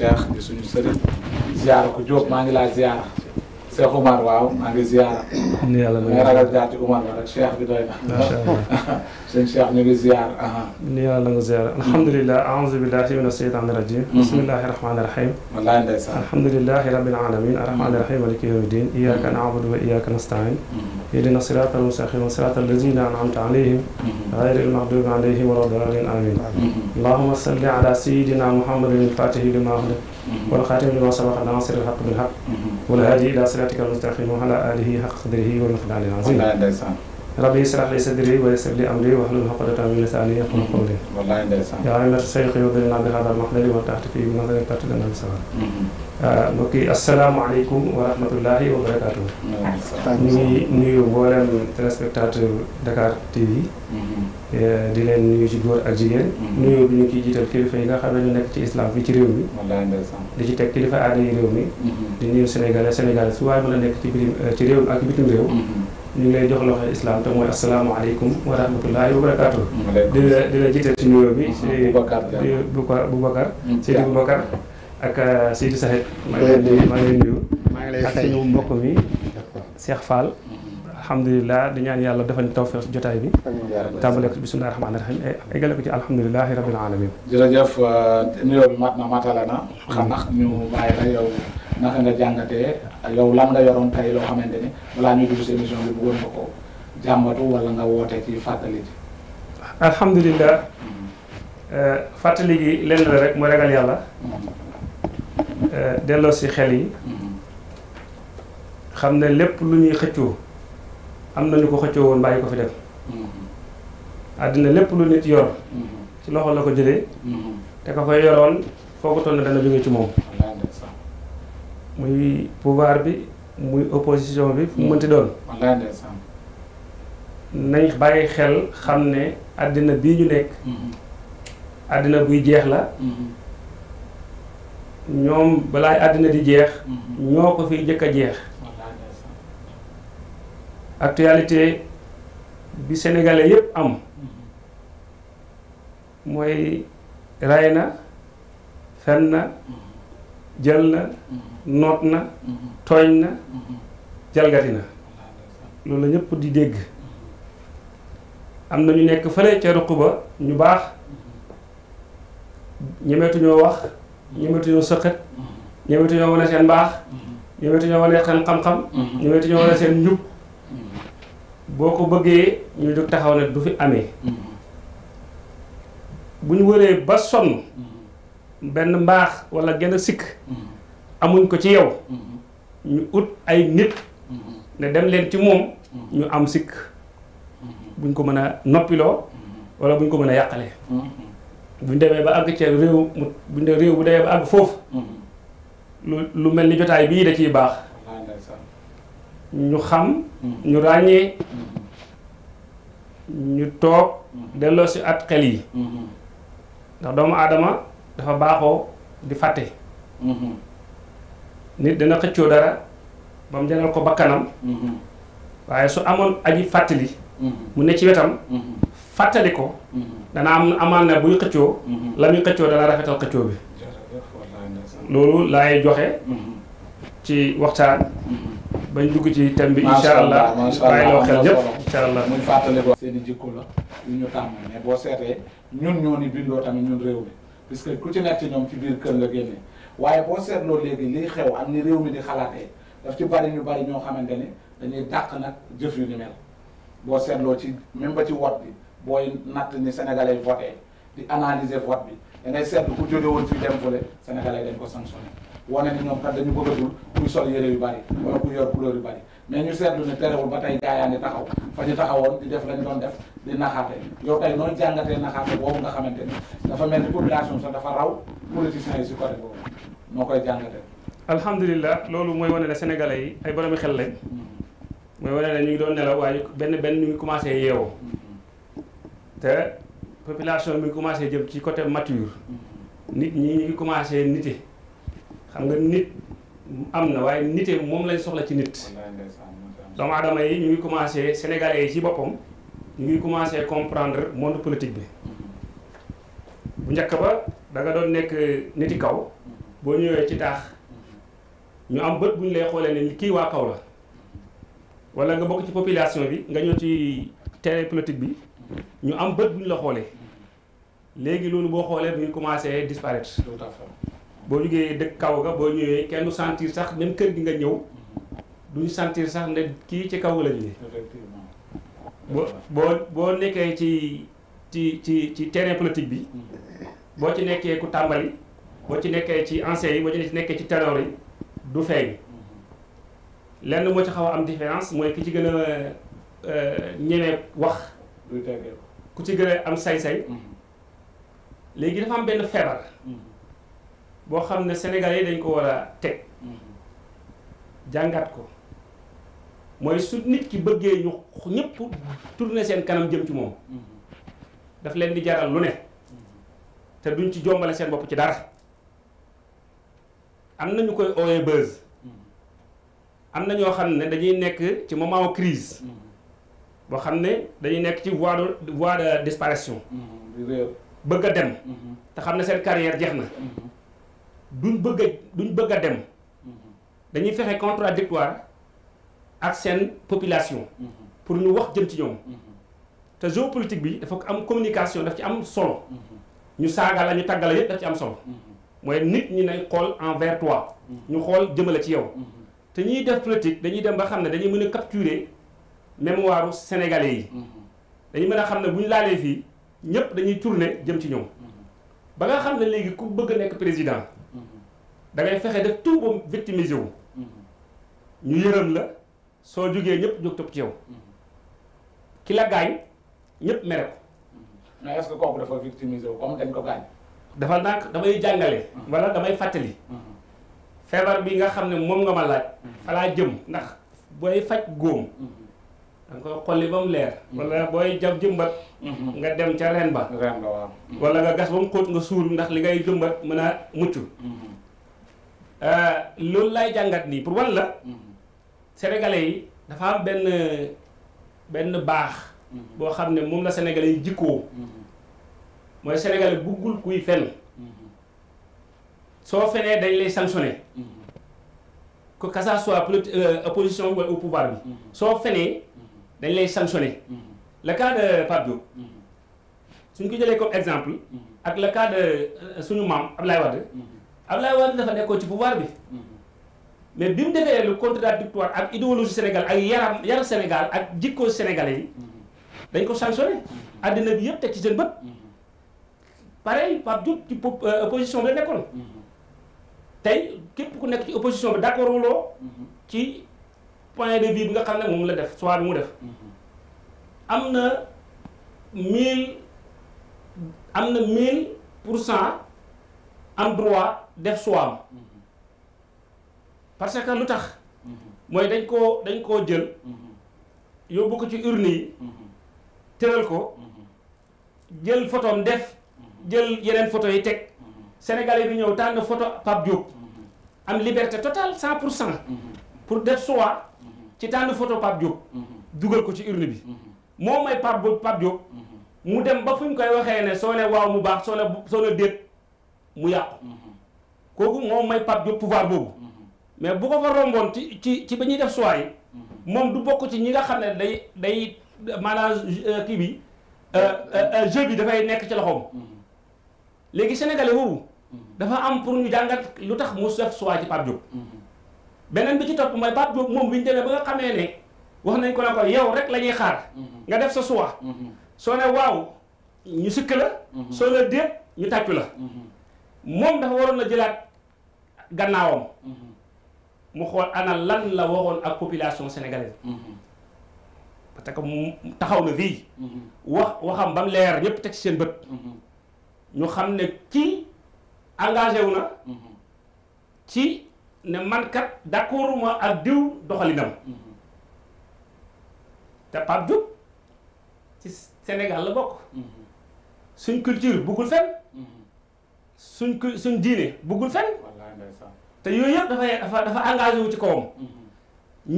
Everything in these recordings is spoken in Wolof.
cheikh di suñu sëriñ ziar ko maa ngi laa ziar Cheikh Oumar waaw maa ngi ziyaara. yàlla na ragal jaati Oumar la rek Cheikh bi doy na. macha allah seen Cheikh ñu ngi ziyaar. ni yàlla na nga ziyaara alhamdulilah aouzu billahi mina sheytaani rajim. Mhm. bismillahi rahmaani rahim. wallaahi ndeysaan. alhamdulilahi rabbil alamin arrahmaani rahim maliki yawmi din mhm. iyyaka na'budu wa iyyaka nasta'in. Mhm. ihdina sirata almustaqim sirata allazina an'amta alayhim. ghayril maghdubi alayhim wala ddaalin amin. allahumma salli ala sayyidina muhammadin al-fatihi lima ughliqa والخاتم لما سبق ناصر الحق بالحق والهادي الى صراطك المستقيم وعلى اله حق قدره ومقداره العظيم rabbi yi sa sadri wa yassir li amri wahlul uqdatan min lisani yafqahu qawli wallahi ndeysaan yaa ngi la sayx yow dañ naa bi xaaral wax dëgg ma taxti fii ma nga taxti dana bi sawar mbokk yi asalaamaaleykum wa rahmatullahi wa barakaatu ñu ngi nuyu mboolem téléspectateur Dakar TV mm-hmm. eh, di leen nuyu ci góor ak jigéen mm-hmm. nuyu bi ñu ciy jiital kilifa yi nga xam ne ñu nekk ci islam bi ci réew mi di ci teg kilifa aada yi réew mi mm-hmm. di nuyu sénégalais sénégalais su waaye mën a nekk ci biir eh, ci réew mi ak ñu ngi lay jox loxo islam te mooy asalaamaaleykum wa rahmatullahi wa barakaatu. di la di ci nuyoo bi. Boubacar Diallo Boubacar. Seydi Boubacar ak euh, Seydi Saxit. maa ngi lay maa ngi mbokk mi. Cheikh Fall. alhamdulilah di ñaan yàlla defal ñu tawfeex jotaay bi. tàmbale ko bisimilah ci alhamdulilahi rabil alamin. jërëjëf euh, bi mat na matala na. xam mm. ñu bàyyi la yow naka nga jàngatee. yow lan nga yoroon tey loo xamante ni balaa ñuy dugg si émission bi bëggoon nga ko jàmbatu wala nga woote ci fàttali ji. alhamdulilah. Mm-hmm. Euh, fàttali gi lenn la rek mu ragal yàlla. Mm-hmm. Euh, delloo si xel yi. Mm-hmm. xam ne lépp lu ñuy xëccoo am na ñu ko xëccoo woon bàyyi ko fi def. àddina lépp lu nit yor. ci loxo la ko jëlee. te ka koy yoroon foogutoon na dana jóge ci moom. muy pouvoir bi muy opposition bi fu mu mënti doon nañ bàyyi xel xam ne àddina bii ñu nekk mhm. àddina buy jeex la mhm. ñoom balaay àddina di jeex mhm. ñoo ko fiy jëkk a jeex actualité bi sénégalais yépp am mooy ray na fen na jël na noot na tooñ na jalgati na loolu la ñëpp di dégg am na ñu nekk fële ca ruq ba ñu baax ñemetuñoo wax ñemetuñoo sëqët ñemetuñoo wane seen baax ñemetuñoo wane seen xam-xam ñemetuñoo wane seen njub boo ko bëggee ñu jóg taxaw ne du fi amee mm-hmm. bu ñu wëree ba sonn benn mbaax wala genn sikk mm-hmm. amuñ ko ci yow mm-hmm. ñu ut ay nit mm-hmm. ne dem leen ci moom ñu am sikk buñ ko mën a noppiloo wala buñ ko mën a yàqale buñ demee ba àgg ci réew mu buñ de réew bu demee ba àgg foofu lu lu mel ni jotaay bii da ciy baax ñu xam ñu ràññee ñu toog delloo si at xel yi ndax doomu aadama dafa baaxoo di fàtte mm-hmm. nit dana xëccoo dara ba mu jaral ko bakkanam mm-hmm. waaye su amoon aji fàttali mm-hmm. mu ne ci wetam fàttali ko dana am amaan na buy xëccoo la muy xëccoo dana rafetal xëccoo bi loolu laay joxe ci waxtaan bañ dugg ci thème bi incha allah bàyyi loo xel ñëpp incha allah seen i jikko la ñu tàmm boo seetee ñun ñoo ni bindoo tamit ñun réew mi puisque ku ci nekk ci ñoom ci biir kër nga génne waaye boo seetloo léegi liy xew ak ni réew mi di xalaatee daf ci bari ñu bari ñoo xamante ni dañuy dàq nag jëf yu ni mel boo seetloo ci même ba ci vote bi booy natt ni sénégalais voté di analyser vote bi dangay ngay seetlu ku jóge woon fii dem fële sénégalais dañ ko sanctionné. wane ni ñoom kat dañu bëggagul kuy sol yére yu bari wala kuy yor couleur yu bari mais ñu seetlu ne terewul ba tey gaa yaa ngi taxaw fa ñu taxawoon di def lañ doon def di naxaate yow tey nooy jàngatee naxaate boobu nga xamante ni dafa mel ni population sax dafa raw politiciens yi si côté boobu noo koy jàngatee. alhamdulilah loolu mooy wane ne sénégalais yi ay boromi xel lañ. mooy wane ne ñu ngi doon nelaw waaye benn benn ñu ngi commencé yeewoo. te population bi commencé jëm ci côté mature. Mm-hmm. nit ñi ñu ngi commencé xam nga nit am na waaye nite moom lañ soxla ci nit doomu aadama yi ñu ngi commencé sénégalais yi ci boppam ñu ngi commencé comprendre monde politique bi mm-hmm. bu njëkk ba da nga doon nekk niti kaw mm-hmm. boo ñëwee ci taax mm-hmm. ñu am bët bu ñu lay xoolee ne kii waa kaw la wala nga bokk ci population bi nga ñëw ci tere politique bi ñu am bët bu ñu la xoolee léegi loolu boo xoolee bu ñu commencé disparaître boo liggéeyee dëkk kaw ga boo ñëwee kenn sentir sax même kër gi nga ñëw duñu sentir sax ne kii ci kaw la liggéey boo boo boo nekkee ci ci ci ci terrain politique bi boo ci nekkee ku tàmbali boo ci nekkee ci anciens yi boo ci nekkee ci ténor yi du feeñ mm-hmm. lenn moo ci xaw a am différence mooy ki ci gën a euh, ñeme wax ku ci gën a am say-say mm-hmm. léegi dafa am benn feebar mm-hmm. boo xam ne Sénégalais yi dañ ko war a teg jàngat ko mooy su nit ki bëggee ñu ñëpp tourner seen kanam jëm ci moom daf leen di jaral lu ne te duñ ci jombale seen bopp ci dara am na ñu koy ooyee buzz am na ñoo xam ne dañuy nekk ci moment crise boo xam ne dañuy nekk ci voie de voie mm-hmm. bëgg a dem mm-hmm. te xam ne seen carrière jeex na mm-hmm. duñ bëgg duñ bëgg a dem mm-hmm. dañuy fexe contradictoire ak seen population mm-hmm. pour ñu wax jëm ci ñoom mm-hmm. te géopolitique bi dafa am communication daf ci am solo ñu saaga la ñu tàgga la yépp daf ci am solo mooy nit ñi nañ xool envers toi ñu xool jëmale ci yow te ñuy def politique dañuy dem ba xam ne dañuy mën a capturer mémoire sénégalais yi dañuy mën a xam ne bu ñu laalee fii ñépp dañuy tourner jëm ci ñoom ba nga xam ne léegi ku bëgg a nekk président da fexe daf tout ba victimisé wu. Mm-hmm. ñu yërëm la soo jugee ñëpp jóg topp ci yow. Mm-hmm. ki la gaañ ñëpp mere ko. Mm-hmm. kooku dafa victimisé wu comme dañ ko gaañ. dafa nag damay jàngale. wala damay fàttali. feebar bi nga xam ne moom nga ma laaj. falaa jëm ndax booy faj góom. da nga koy xolli ba mu leer. wala booy jam jëmbat. nga dem ca ren ba. ren ba nga gas ba mu xóot nga suul ndax li ngay jëmbat mën a mucc. Euh, loolu laay jàngat nii pour wan la mhm. yi dafa am benn benn baax mhm. boo xam ne moom la sénégalais yi jikkoo mhm. mooy sénégalais buggul kuy fen soo fenee dañ lay sanctionné ko que ça soit euh, opposition wala au pouvoir bi soo fenee dañ lay sanctionné le cas de Pape Diop suñ ko jëlee comme exemple ak le cas euh, suñu maam Abdoulaye Wade Abdoulaye Wade dafa nekkoon ci pouvoir bi mais bi mu defee lu contradictoire ak idéologie Sénégal ak yaram yar Sénégal ak jikko sénégalais yi dañ ko sanctionné àddina bi yëpp teg ci seen bët pareil Pape Diop ci euh, opposition bi la nekkoon tey képp ku nekk ci opposition bi d'accord wuloo ci point de vue bi nga xam ne moom la def soit bi mu def am na mille am na mille pour cent am droit def suwaam parce que lu tax mooy dañ koo dañ koo jël yóbbu ko ci urne yi tëral ko jël photom def jël yeneen photo yi teg sénégalais bi ñëw tànn photo Pape Diop am liberté totale cent pour cent pour def choix ci tànn photo Pape Diop dugal ko ci urne bi moom mooy Pape Pape Diop mu dem ba fu ñu koy waxee ne soo ne waaw mu baax soo ne soo ne déet mu yàqu kooku moom may Pape Diop pouvoir boobu mm-hmm. mais bu ko fa romboon ci ci ci ba ñuy def choix yi mm-hmm. moom du bokk ci ñi nga xam ne day day maanaam euh, kii bi euh, euh, jeu bi dafay nekk ci loxoom mm-hmm. léegi sénégalais boobu dafa am pour ñu jàngat lu tax mu def choix ci Pape Diop beneen bi ci topp mooy Pape Diop moom bi ñu demee ba nga xamee ne wax nañ ko ne ko yow rek la ñuy xaar nga def sa choix soo ne waaw ñu sikk la soo ne déet ñu tàccu la moom dafa waroon a jëlaat gannaawam mhm. mu xool ana lan la waroon ak population sénégalaise mhm. parce que mu taxaw na fii mhm. wax waxam ba leer ñëpp teg ci seen bët ñu xam ne kii engagé wu na ci ne man kat ak diw doxalinam te Pape Diop ci Sénégal la bokk suñ culture buggul fenn suñ suñ diine buggul fenn te yooyu yëpp dafay dafa dafa engagé wu ci kawam. Mm-hmm.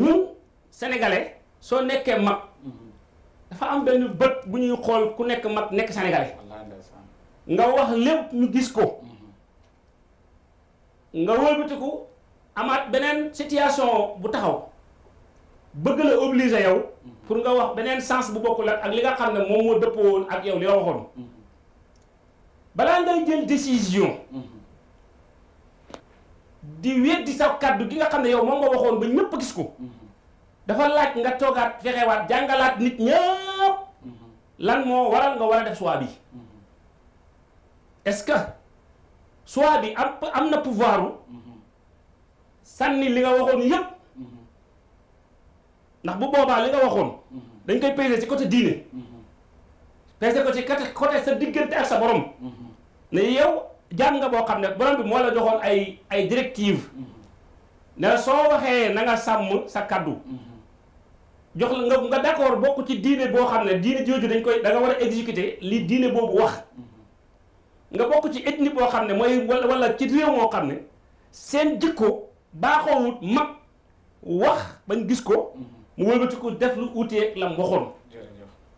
ñu sénégalais soo nekkee mag. Mm-hmm. dafa am benn bët bu ñuy xool ku nekk mag nekk sénégalais. nga wax lépp ñu gis ko. Mm-hmm. nga wëlbatiku amaat beneen situation bu taxaw. bëgg la obligé yow pour nga wax beneen sens bu bokkul ak li nga xam ne moom moo dëppoo woon ak yow li nga waxoon balaa ngay jël décision di di sa kàddu gi nga xam ne yow moom nga waxoon ba ñëpp gis ko mm-hmm. dafa laaj nga toogaat fexewaat jàngalaat nit ñëpp mm-hmm. lan moo waral nga war a def choix bi mm-hmm. est-ce que choix bi am am na pouvoir sànni li nga waxoon yëpp ndax bu boobaa li nga waxoon dañ koy peser si côté diine peser ko ci côté sa diggante ak sa borom ne yow jàng nga boo xam ne borom bi moo la joxoon ay ay directive ne soo waxee nanga sàmm sa kàddu jox la nga nga d'accord bokk ci diine boo xam ne diine jooju dañ koy danga war a exécuter li diine boobu wax nga bokk ci ethnie boo xam ne mooy wala ci réew moo xam ne seen jikko baaxoowut mag wax bañ gis ko mu wëlbati ko def lu uutee lam waxoon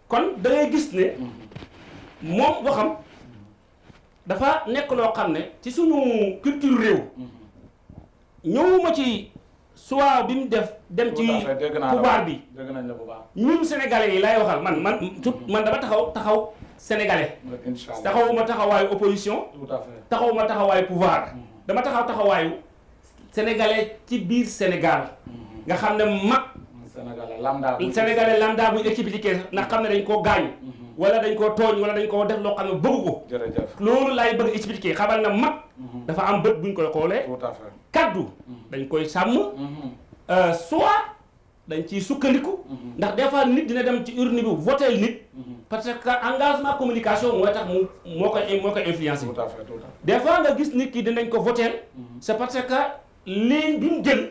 kon da gis ne mm-hmm. moom waxam dafa nekk loo xam ne ci suñu culture réew ñëwuma ci soit bi mu def dem ci pouvoir bi ñun sénégalais yi laay waxal man man mm-hmm. man dama taxaw taxaw sénégalais taxawuma taxawaayu opposition taxawuma taxawaayu pouvoir mm-hmm. dama taxaw taxawaayu sénégalais ci biir sénégal mm-hmm. nga xam ne mag sénégalais lambda buy expliqué ndax xam ne dañ koo gaañu wala dañ koo tooñ wala dañ koo def loo xam ne bëgg ko jërëjëf loolu laay bëgg expliquer xamal na mag mhm. dafa am bët buñ koy xoolee kaddu mhm. dañ koy sàmm mhm. euh, soit dañ ciy sukkandiku ndax des fois nit dina dem ci urne bi votel nit parce que engagement communication mooy tax mu moo koy moo koy influencé des fois nga gis nit ki dinañ ko votel c'est parce que ligne bi mu jël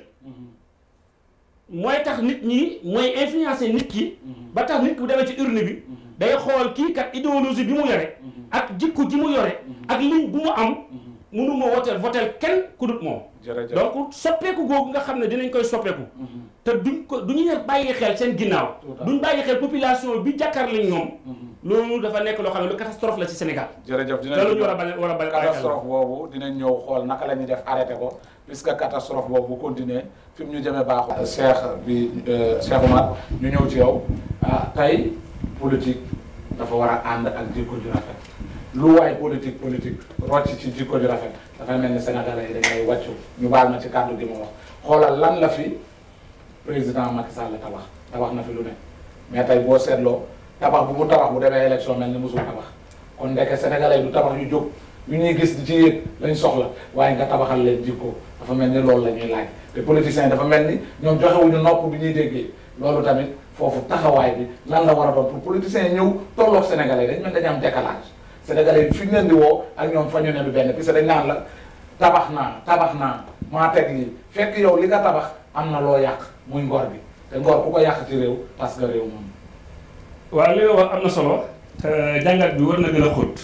mooy tax nit ñi mooy influencer nit ki. ba tax nit ku demee ci urne bi. day xool kii kat idéologie bi mu yore. ak jikko ji mu yore. ak ligne bu mu am. Mm-hmm. mënu ma woteel voteel kenn ku dut moom. jërëjëf donc soppeeku googu nga xam ne dinañ koy soppeeku. Mm-hmm. te duñ ko duñu ne bàyyi xel seen ginnaaw. duñ bàyyi xel population bi jàkkaar lañ ñoom. Mm-hmm. loolu dafa nekk loo xam ne lu catastrophe la ci Sénégal. jërëjëf dinañ loolu ñu war a bale war a bale catastrophe boobu dinañ ñëw xool naka la ñuy def arrêté ko puisque catastrophe boobu bu continuer fi mu ñu jëmee baaxul. Cheikh bi euh, Cheikh Oumar ñu ñëw ci yow ah tey politique dafa war a ànd ak jikko ju rafet lu waay politique politique rocc ci jikko ju rafet dafay mel ni sénégalais yi dañuy wàccu ñu baal ma ci kàddu gi ma wax xoolal lan la fi président Macky Sall tabax tabax na fi lu ne mais tey boo seetloo tabax bu mu tabax bu demee élection mel ni musul tabax kon ndeke sénégalais yi du tabax yu jóg yu ñuy gis di ci yéeg lañ soxla waaye nga tabaxal leen jikko dafa mel ni loolu la ñuy laaj te politiciens yi dafa mel ni ñoom joxewuñu nopp bi ñuy déggee loolu tamit foofu taxawaay bi lan la war a doon pour politiciens yi ñëw tolloog dañ am décalage senegal yi fi ñu leen di woo ak ñoom fa ñu ne du benn parce que dañ naan la tabax naa tabax naa maa te lii fekk yow li nga tabax am na loo yàq muy ngor bi te ngor ku ko yàq ci réew parce que réew moom. waaw li am na solo jàngat bi war na gën a xóot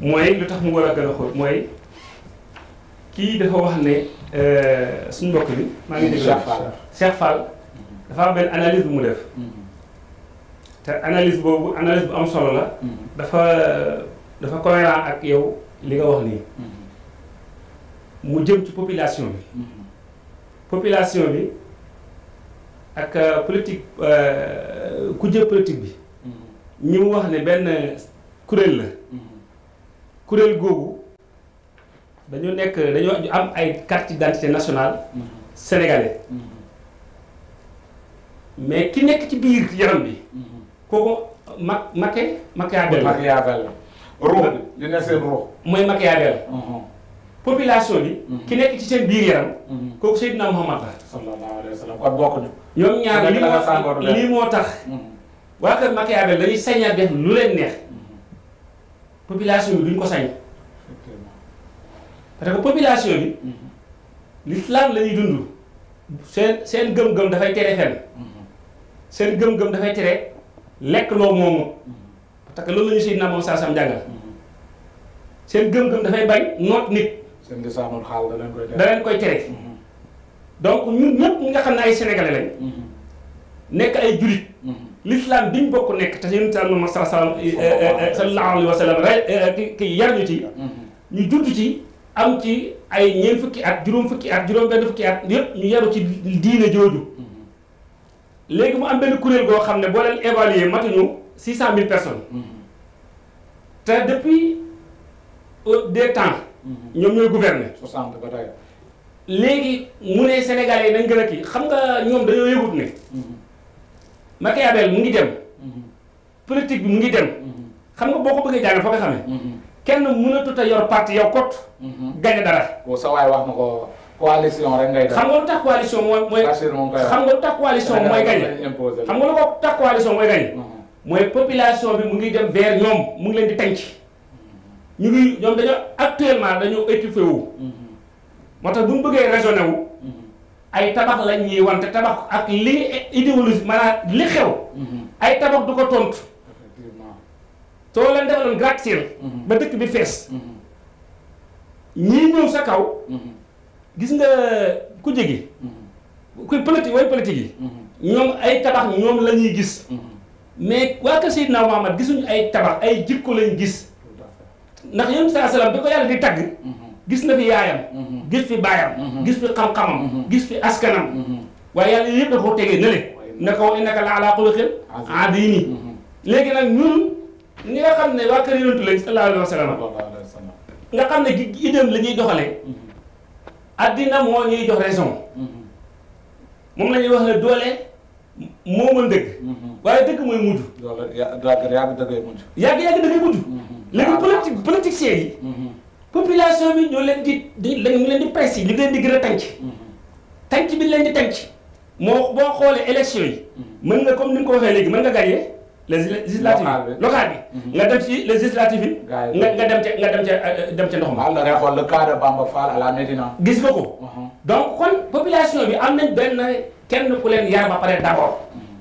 mooy lu tax mu war a gën a xóot mooy kii dafa wax ne euh, suñu mbokk bi. maa ngi déglu Cheikh Fall Cheikh Fall dafa am benn analyse mu def. Mm-hmm. te analyse boobu analyse bu am solo la. Mm-hmm. dafa dafa cohérent ak yow li nga wax nii. Mm-hmm. mu jëm ci population bi. Mm-hmm. population bi ak euh, politique euh, ku jëm politique bi. ñu mu wax ne benn kuréel la. kuréel googu dañu nekk dañoo am ay carte d'identité nationale. sénégalais. mais ki nekk ci biir yaram bi. kooku ma Maké Machiavel la Machiavel la. ruux li ne seen ruux. mooy mhm. bi. Mhm. ki nekk ci seen biir yaram. Mhm. kooku Seydina Muhammad la. sallallahu alayhi wa sallam kon bokkuñu. ñaar lii moo tax. waa kër Machiavel dañuy sañ a def lu leen neex. population bi duñ ko sañ. parce que population yi l'islam la ñuy dund. seen seen gëm-gëm dafay tere fenn. seen gëm-gëm dafay tere. lekk loo moomu parce que loolu la ñu siy naan moom saa sam jàngal seen gëm-gëm dafay bañ noot nit. seen gisaanul xaal da leen koy tere da leen koy tere donc ñun ñëpp ñi nga xam ne ay sénégalais lañ. nekk ay julit l'islam biñ bokk nekk te yonent Yàlla Muhammad sallallahu alayhi wa sallam eh, eh, eh, ki yar ñu ci. ñu judd ci am ci ay ñeent fukki at juróom fukki at juróom benn fukki at yëpp ñu yaru ci diine jooju. léegi mu am benn kuréel goo xam ne boo leen évaluer matuñu six cent mille personnes mm-hmm. te depuis euh, des temps mm-hmm. ñoom ñooy gouverner soixante ba léegi mu ne sénégalais yi nañ gën a kii xam nga ñoom dañoo yëgut ne mm-hmm. Machiavel mu ngi dem politique bi mu ngi dem xam nga boo ko bëggee jàng fa nga xamee kenn mu mënatut a yor parti yow kot gañe dara sa coalition rek ngay def xam nga lu tax coalition mooy. mooy xam nga lu tax coalition mooy gañ. xam nga lu ko tax coalition mooy gañ. Mhm. mooy population bi mu ngi dem vers ñoom mu ngi leen di tënk. Mhm. ñu ngi ñoom dañoo actuellement dañoo étouffé wu. Mhm. moo tax bu mu bëggee raisonné wu. ay tabax lañ ñuy wante tabax ak li idéologie maanaam li xew. ay tabax du ko tontu. soo leen defaloon gratte-ciel. ba dëkk bi fees. ñii ñëw sa kaw. gis nga ku jegi kuy politique way politique yi ñoom ay tabax ñoom la ñuy gis mais waa kër Seydina Muhammad gisuñu ay tabax ay jikko lañ gis ndax yéen saa salaam bi ko yàlla di tagg gis na fi yaayam gis fi baayam gis fi xam-xamam gis fi askanam waaye yàlla yëpp dafa tegee na le na ko innaka la ala xuluqin adiim léegi nag ñun ni nga xam ne waa kër yonent lañ sallallahu alayhi nga xam ne idéem la ñuy addina moo ñuy jox raison moom la wax ne doole moo mën dëgg mm-hmm. waaye dëgg mooy mujj yàgg dëggay mujj yàgg-yàgg dëggay mujj mm-hmm. léegi politique politiciens yi mm-hmm. population bi ñoo leen di di lañu leen di presse yi ñu leen di gën a tànc tànc bi leen di tànc moo boo xoolee élection yi mën nga comme ni mu ko waxee léegi mën nga gagné législative local bi mhm. nga dem ci législative yi nga nga dem ca nga dem ca euh, dem ca ndox ma la xool le cas de Bamba Fall à gis nga ko uh-huh. donc kon population bi am nañ benn kenn ku leen yar ba pare d'abord mhm.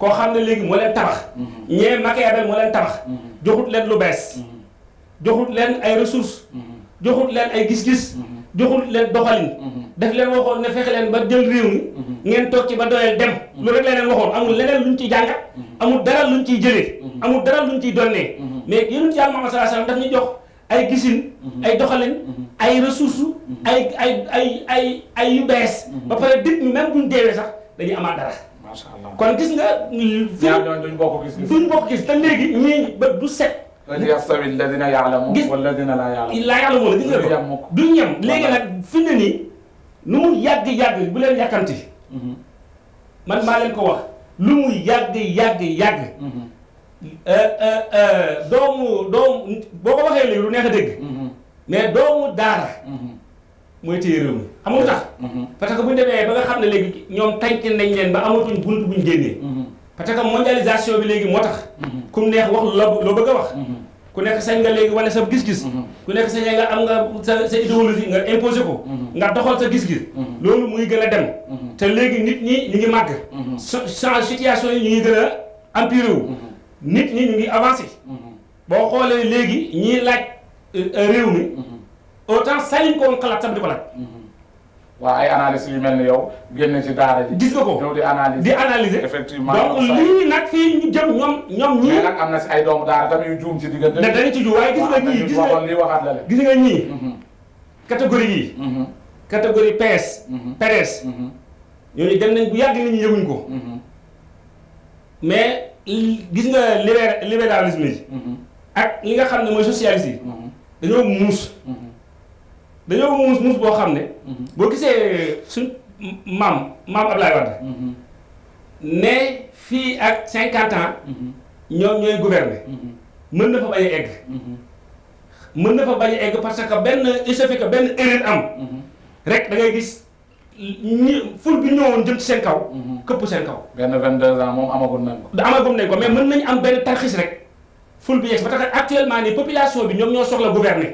koo xam ne léegi moo leen tabax mhm. ñee Machiavel moo leen tabax joxut leen lu bees joxut leen ay ressource joxut leen ay gis-gis joxut leen doxalin daf leen waxoon ne fexe leen ba jël réew mi mhm. ngeen toog ci ba doyal dem mhm. lu rek la leen waxoon amul leneen luñ ciy jàngat mhm. amul dara luñ ciy jëlee amul dara lu luñ ciy donnee mais yonent yàlla Muhammad sallallahu alayhi wasallam daf ñu jox ay gisin ay doxalin ay ressources ay ay ay ay ay yu bees ba pare dit ñu même buñ deewee sax dañuy amaat dara macha allah kon gis nga duñ bokk gis duñ bokk gis te léegi ñii ba du set yastawi alladina yaalamu walladina la yaalamu la gis nga duñ yem léegi nag fi ne nii lu mu yàgg-yàgg bu leen yàkkamti mhm. man maa leen ko wax lu mu yàgg-yàgg-yàgg mhm. euh, euh, euh, doomu doomu boo ko waxee léegi lu neex a dégg mhm. mais doomu daara mooy téye réew mi xam nga tax parce que bu demee ba nga xam ne léegi ñoom tànk nañ leen ba amatuñ bunt buñ génnee parce que mondialisation bi léegi moo tax ku mu neex wax loo bëgg a wax ku nekk sañ nga léegi wala sa gis-gis mhm. ku nekk sañ nga am nga sa sa idéologie nga imposé ko mhm. nga doxal sa gis-gis mhm. loolu mu ngi gën a dem te léegi nit ñi ñu ngi màgg change situation yi ñu ngi gën a empiré nit ñi ñu ngi avancé boo xoolee léegi ñii laaj euh, réew mi autant sañ ko woon xalaat sax di ko waaw ay analyse yu mel ni yow génn si daara ji. gis nga ko ñëw di analyser di analyser effectivement donc lii nag fii ñu jëm ñoom ñoom ñii. mais am na si ay doomu daara tamit yu juum ci diggante. ne dañu ci juum waaye gis nga ñii gis nga lii waxaat la leen mm-hmm. yi. Mm-hmm. catégorie PS. Mm-hmm. PDS. ñooñu dem nañ bu yàgg nit ñi yëguñ ko. mais gis nga libéralisme yi. ak li nga xam ne mooy socialisme yi. dañoo muus. dañoo muus muus boo xam ne. Mhm. boo gisee su maam maam Abdoulaye Wade. Mhm. ne fii ak cinquante ans. Mhm. ñoom ñooy gouverner. mën na fa bañ a egg. mën na fa bañ a egg parce que benn il suffit que benn erreur am. rek da ngay gis ñi ful bi ñëwoon jëm ci seen kaw. këpp seen kaw. benn 22 ans moom amagum nañ ko. amagum nañ ko mais mën nañ am benn tarxis rek ful bi yees ba tax actuellement nii population bi ñoom ñoo soxla gouverner.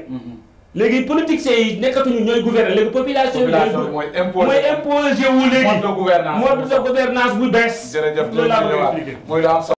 léegi politiciens yi nekkatuñu ñooy gouverner léegi population bi mooy imposé wu léegi mode de gouvernance bu bees loolu laa bëgg a expliqué